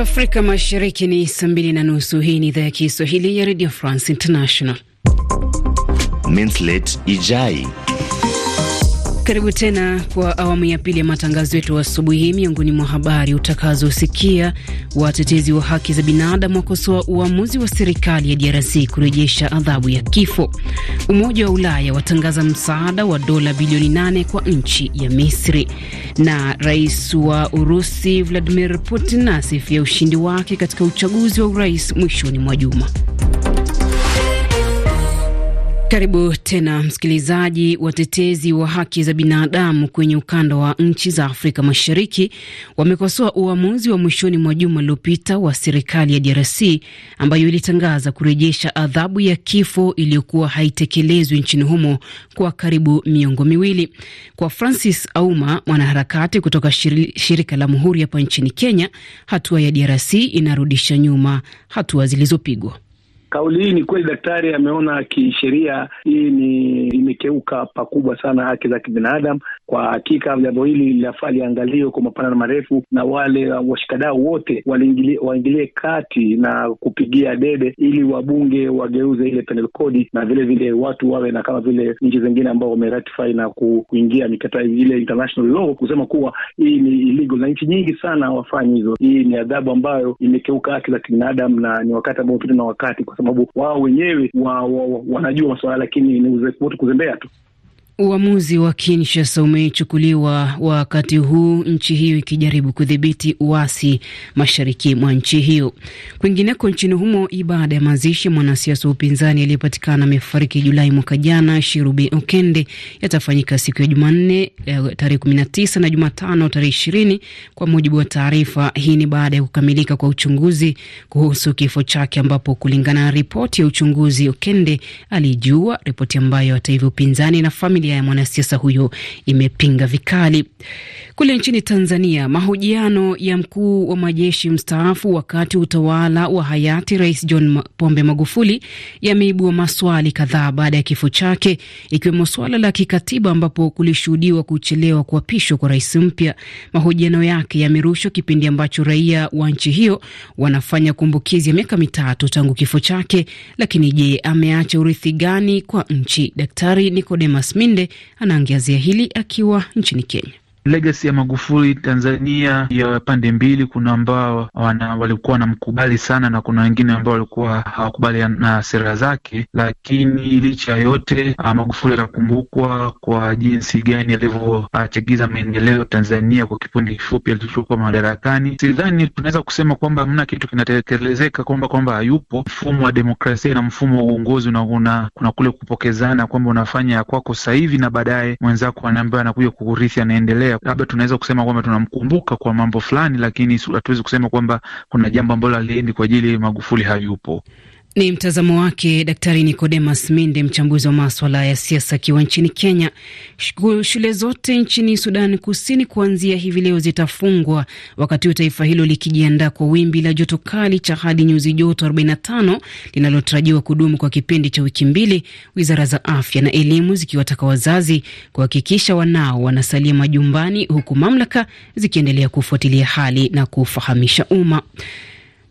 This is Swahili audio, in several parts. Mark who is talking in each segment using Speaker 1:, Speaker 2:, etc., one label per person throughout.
Speaker 1: Afrika Mashariki ni saa mbili na nusu. Hii ni idhaa ya Kiswahili ya Radio France International.
Speaker 2: minslate Ijai
Speaker 1: karibu tena kwa awamu ya pili ya matangazo yetu asubuhi hii. Miongoni mwa habari utakazosikia, watetezi wa haki za binadamu wakosoa uamuzi wa serikali ya DRC kurejesha adhabu ya kifo. Umoja wa Ulaya watangaza msaada wa dola bilioni nane kwa nchi ya Misri, na rais wa Urusi Vladimir Putin asifia ushindi wake katika uchaguzi wa urais mwishoni mwa juma. Karibu tena msikilizaji. Watetezi wa haki za binadamu kwenye ukanda wa nchi za Afrika Mashariki wamekosoa uamuzi wa mwishoni mwa juma uliopita wa serikali ya DRC ambayo ilitangaza kurejesha adhabu ya kifo iliyokuwa haitekelezwi nchini humo kwa karibu miongo miwili. Kwa Francis Auma, mwanaharakati kutoka shirika la Muhuri hapa nchini Kenya, hatua ya DRC inarudisha nyuma hatua zilizopigwa.
Speaker 2: Kauli hii ni kweli, daktari ameona kisheria hii ni imekeuka pakubwa sana haki za kibinadamu. Kwa hakika jambo hili linafaa liangaliwe kwa mapana na marefu, na wale washikadau wote waingilie kati na kupigia debe, ili wabunge wageuze ile penal code, na vile vile watu wawe na kama vile nchi zingine ambao wameratify na kuingia mikataba ile international law, kusema kuwa hii ni illegal, na nchi nyingi sana wafanyi hizo Hii ni adhabu ambayo imekeuka haki za kibinadamu, na ni wakati ambao umepita na wakati kwa sababu wao wenyewe wa, wa, wa, wanajua masuala, lakini ni uzoefu wote kuzembea tu.
Speaker 1: Uamuzi wa Kinshasa umechukuliwa wakati huu nchi hiyo ikijaribu kudhibiti uasi mashariki mwa nchi hiyo. Kwingineko nchini humo, ibada ya mazishi ya mwanasiasa wa upinzani aliyepatikana amefariki Julai mwaka jana, Shirubi Okende, yatafanyika siku ya Jumanne eh, tarehe 19 na Jumatano tarehe 20, kwa mujibu wa taarifa. Hii ni baada ya kukamilika kwa uchunguzi kuhusu kifo chake, ambapo kulingana na ripoti ya uchunguzi, Okende alijua, ripoti ambayo hata hivyo upinzani na familia familia ya mwanasiasa huyo imepinga vikali. Kule nchini Tanzania, mahojiano ya mkuu wa majeshi mstaafu wakati utawala wa hayati Rais John Pombe Magufuli yameibua maswali kadhaa baada ya kifo chake, ikiwemo swala la kikatiba ambapo kulishuhudiwa kuchelewa kuapishwa kwa rais mpya. Mahojiano yake yamerushwa kipindi ambacho raia wa nchi hiyo wanafanya kumbukizi ya miaka mitatu tangu kifo chake. Lakini je, ameacha urithi gani kwa nchi? Daktari Nicodemus Mind Mende anaangazia hili akiwa nchini Kenya
Speaker 2: legacy ya Magufuli Tanzania ya pande mbili, kuna ambao wana, walikuwa wanamkubali sana na kuna wengine ambao walikuwa hawakubali na sera zake, lakini licha ya yote ah, Magufuli atakumbukwa kwa jinsi gani alivyochagiza ah, maendeleo Tanzania kwa kipindi kifupi alichokuwa madarakani. Sidhani tunaweza kusema kwamba hamna kitu kinatekelezeka kwamba kwamba hayupo. Mfumo wa demokrasia na mfumo wa uongozi unaona, kuna kule kupokezana kwamba unafanya kwako sahivi na baadaye mwenzako anaambiwa anakuja kukurithi anaendelea labda tunaweza kusema kwamba tunamkumbuka kwa mambo fulani, lakini hatuwezi kusema kwamba kuna jambo ambalo aliendi kwa ajili Magufuli hayupo.
Speaker 1: Ni mtazamo wake Daktari Nicodemas Minde, mchambuzi wa maswala ya siasa, akiwa nchini Kenya. Shule zote nchini Sudan Kusini kuanzia hivi leo zitafungwa, wakati huu taifa hilo likijiandaa kwa wimbi la joto kali cha hadi nyuzi joto 45 linalotarajiwa kudumu kwa kipindi cha wiki mbili, wizara za afya na elimu zikiwataka wazazi kuhakikisha wanao wanasalia majumbani, huku mamlaka zikiendelea kufuatilia hali na kufahamisha umma.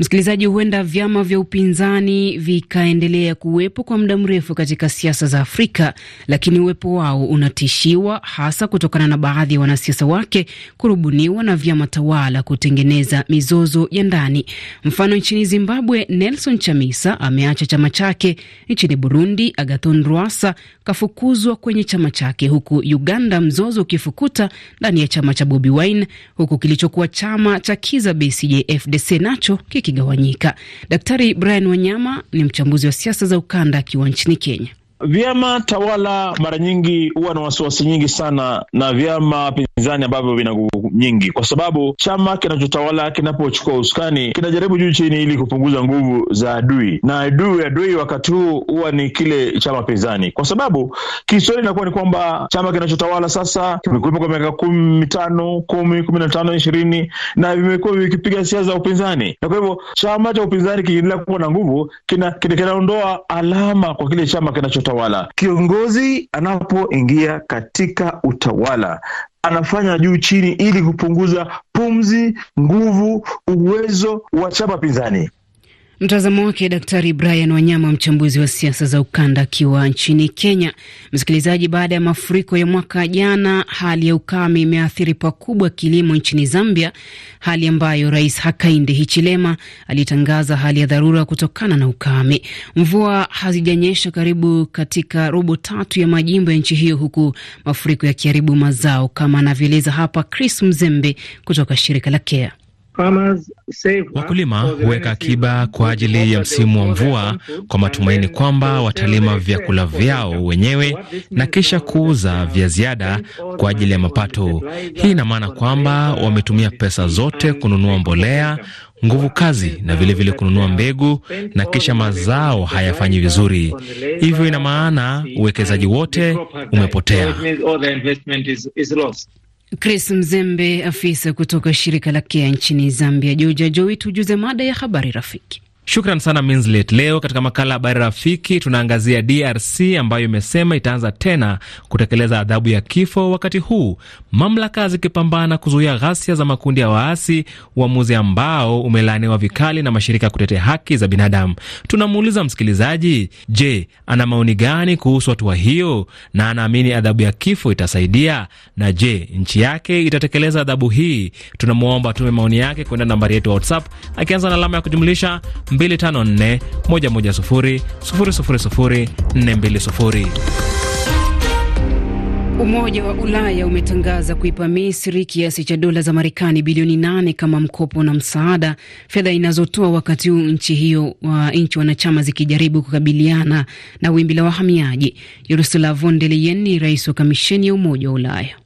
Speaker 1: Msikilizaji, huenda vyama vya upinzani vikaendelea kuwepo kwa muda mrefu katika siasa za Afrika, lakini uwepo wao unatishiwa hasa kutokana na baadhi ya wanasiasa wake kurubuniwa na vyama tawala kutengeneza mizozo ya ndani. Mfano, nchini Zimbabwe Nelson Chamisa ameacha chama chake. Nchini Burundi Agathon Rwasa kafukuzwa kwenye chama chake, huku Uganda mzozo ukifukuta ndani ya chama cha Bobi Wine, huku kilichokuwa chama cha Kiza Besigye FDC nacho kiki ikigawanyika. Daktari Brian Wanyama ni mchambuzi wa siasa za ukanda akiwa nchini Kenya.
Speaker 2: Vyama tawala mara nyingi huwa na wasiwasi nyingi sana na vyama pinzani ambavyo vina nguvu nyingi, kwa sababu chama kinachotawala kinapochukua usukani kinajaribu juu chini, ili kupunguza nguvu za adui, na adui adui wakati huu huwa ni kile chama pinzani, kwa sababu kihistoria inakuwa ni kwamba chama kinachotawala sasa kimekuwepo kwa miaka kumi mitano, kumi, kumi na tano, ishirini na vimekuwa vikipiga siasa za upinzani, na kwa hivyo chama cha upinzani kikiendelea kuwa na nguvu kinaondoa kina, kina alama kwa kile chama kinachotawala utawala. Kiongozi anapoingia katika utawala anafanya juu chini ili kupunguza pumzi, nguvu, uwezo wa chama pinzani.
Speaker 1: Mtazamo wake Daktari Brian Wanyama, mchambuzi wa siasa za ukanda akiwa nchini Kenya. Msikilizaji, baada ya mafuriko ya mwaka jana, hali ya ukame imeathiri pakubwa kilimo nchini Zambia, hali ambayo Rais Hakainde Hichilema alitangaza hali ya dharura kutokana na ukame. Mvua hazijanyesha karibu katika robo tatu ya majimbo ya nchi hiyo, huku mafuriko yakiharibu mazao, kama anavyoeleza hapa Chris Mzembe kutoka shirika la Kea.
Speaker 2: Wakulima huweka akiba uh, kwa ajili ya msimu wa mvua kwa matumaini kwamba watalima vyakula vyao wenyewe na kisha kuuza vya ziada kwa ajili ya mapato. Hii ina maana kwamba uh, wametumia pesa zote kununua mbolea, nguvu kazi na vilevile vile kununua mbegu na kisha mazao hayafanyi vizuri. Hivyo ina maana uwekezaji wote umepotea.
Speaker 1: Chris Mzembe, afisa kutoka shirika la KEA nchini Zambia. Joja Joi, tujuze mada ya habari rafiki.
Speaker 2: Shukran sana Minslet. Leo katika makala Habari Rafiki tunaangazia DRC ambayo imesema itaanza tena kutekeleza adhabu ya kifo, wakati huu mamlaka zikipambana kuzuia ghasia za makundi ya waasi, uamuzi ambao umelaaniwa vikali na mashirika ya kutetea haki za binadamu. Tunamuuliza msikilizaji, je, ana maoni gani kuhusu hatua hiyo na anaamini adhabu ya kifo itasaidia? Na je, nchi yake itatekeleza adhabu hii? Tunamwomba tume maoni yake kwenda nambari yetu ya WhatsApp akianza na alama ya kujumlisha
Speaker 1: Umoja wa Ulaya umetangaza kuipa Misri kiasi cha dola za Marekani bilioni nane kama mkopo na msaada, fedha inazotoa wakati huu nchi hiyo wa nchi wanachama zikijaribu kukabiliana na wimbi la wahamiaji. Ursula von der Leyen ni rais wa kamisheni ya Umoja wa Ulaya.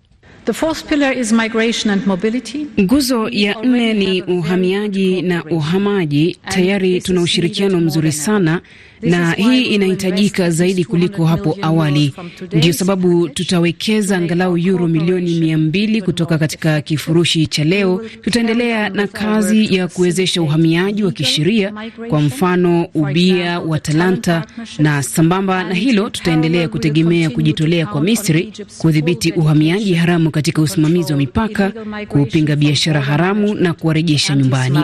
Speaker 1: The fourth pillar is migration and mobility. Nguzo ya nne ni uhamiaji na uhamaji. Tayari tuna ushirikiano mzuri sana na hii inahitajika zaidi kuliko hapo awali. ndio sababu tutawekeza angalau yuro milioni mia mbili kutoka katika kifurushi cha leo. Tutaendelea na kazi ya kuwezesha uhamiaji wa kisheria, kwa mfano ubia wa talanta, na sambamba na hilo tutaendelea kutegemea kujitolea kwa Misri kudhibiti uhamiaji haramu katika usimamizi wa mipaka, kupinga biashara haramu na kuwarejesha nyumbani.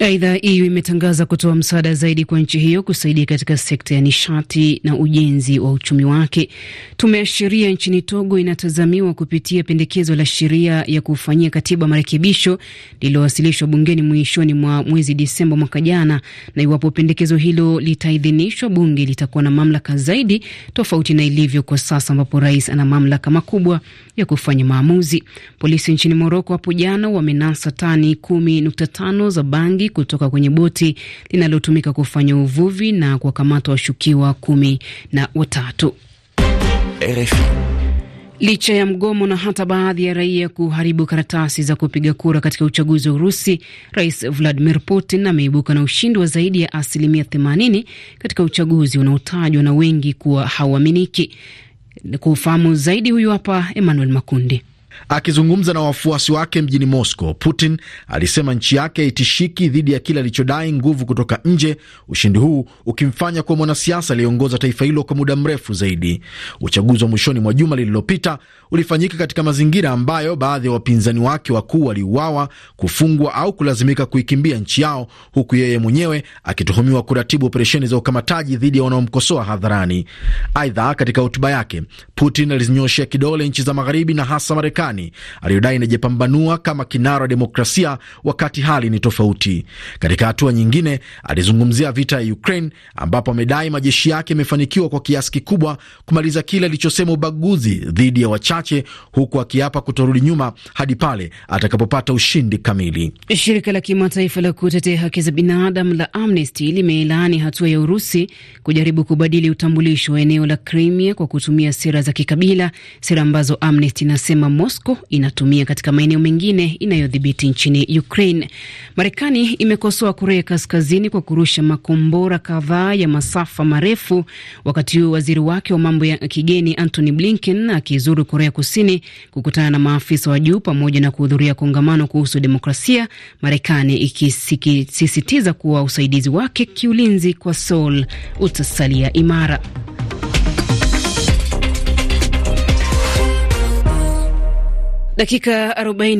Speaker 1: Aidha, EU imetangaza kutoa msaada zaidi kwa nchi hiyo kusaidia katika sekta ya nishati na ujenzi wa uchumi wake. Tume ya sheria nchini Togo inatazamiwa kupitia pendekezo la sheria ya kufanyia katiba marekebisho lililowasilishwa bungeni mwishoni mwa mwezi Disemba mwaka jana, na iwapo pendekezo hilo litaidhinishwa, bunge litakuwa na mamlaka zaidi, tofauti na ilivyo kwa sasa ambapo rais ana mamlaka makubwa ya kufanya maamuzi. Polisi nchini Moroko hapo jana wamenasa tani 10.5 za bangi maji kutoka kwenye boti linalotumika kufanya uvuvi na kuwakamata washukiwa kumi na watatu. RFI. Licha ya mgomo na hata baadhi ya raia kuharibu karatasi za kupiga kura katika uchaguzi wa Urusi, Rais Vladimir Putin ameibuka na ushindi wa zaidi ya asilimia 80 katika uchaguzi unaotajwa na wengi kuwa hauaminiki. ufahamu zaidi, huyu hapa Emmanuel Makundi.
Speaker 2: Akizungumza na wafuasi wake mjini Moscow, Putin alisema nchi yake haitishiki dhidi ya kile alichodai nguvu kutoka nje, ushindi huu ukimfanya kuwa mwanasiasa aliyeongoza taifa hilo kwa muda mrefu zaidi. Uchaguzi wa mwishoni mwa juma lililopita ulifanyika katika mazingira ambayo baadhi ya wapinzani wake wakuu waliuawa, kufungwa au kulazimika kuikimbia nchi yao, huku yeye mwenyewe akituhumiwa kuratibu operesheni za ukamataji dhidi ya wanaomkosoa hadharani. Aidha, katika hotuba yake Putin alizinyoshea kidole nchi za Magharibi na hasa Marekani Marekani aliyodai inajipambanua kama kinara wa demokrasia wakati hali ni tofauti. Katika hatua nyingine, alizungumzia vita ya Ukraine ambapo amedai majeshi yake yamefanikiwa kwa kiasi kikubwa kumaliza kile alichosema ubaguzi dhidi ya wachache, huku akiapa kutorudi nyuma hadi pale atakapopata ushindi kamili.
Speaker 1: Shirika la kimataifa la kutetea haki za binadamu la Amnesty limelaani hatua ya Urusi kujaribu kubadili utambulisho wa eneo la Crimea kwa kutumia sera za kikabila, sera ambazo Amnesty inasema Moscow inatumia katika maeneo mengine inayodhibiti nchini Ukraine. Marekani imekosoa Korea Kaskazini kwa kurusha makombora kadhaa ya masafa marefu, wakati huu waziri wake wa mambo ya kigeni Antony Blinken akizuru Korea Kusini kukutana na maafisa wa juu pamoja na kuhudhuria kongamano kuhusu demokrasia, Marekani ikisisitiza kuwa usaidizi wake kiulinzi kwa Seoul utasalia imara. Dakika 40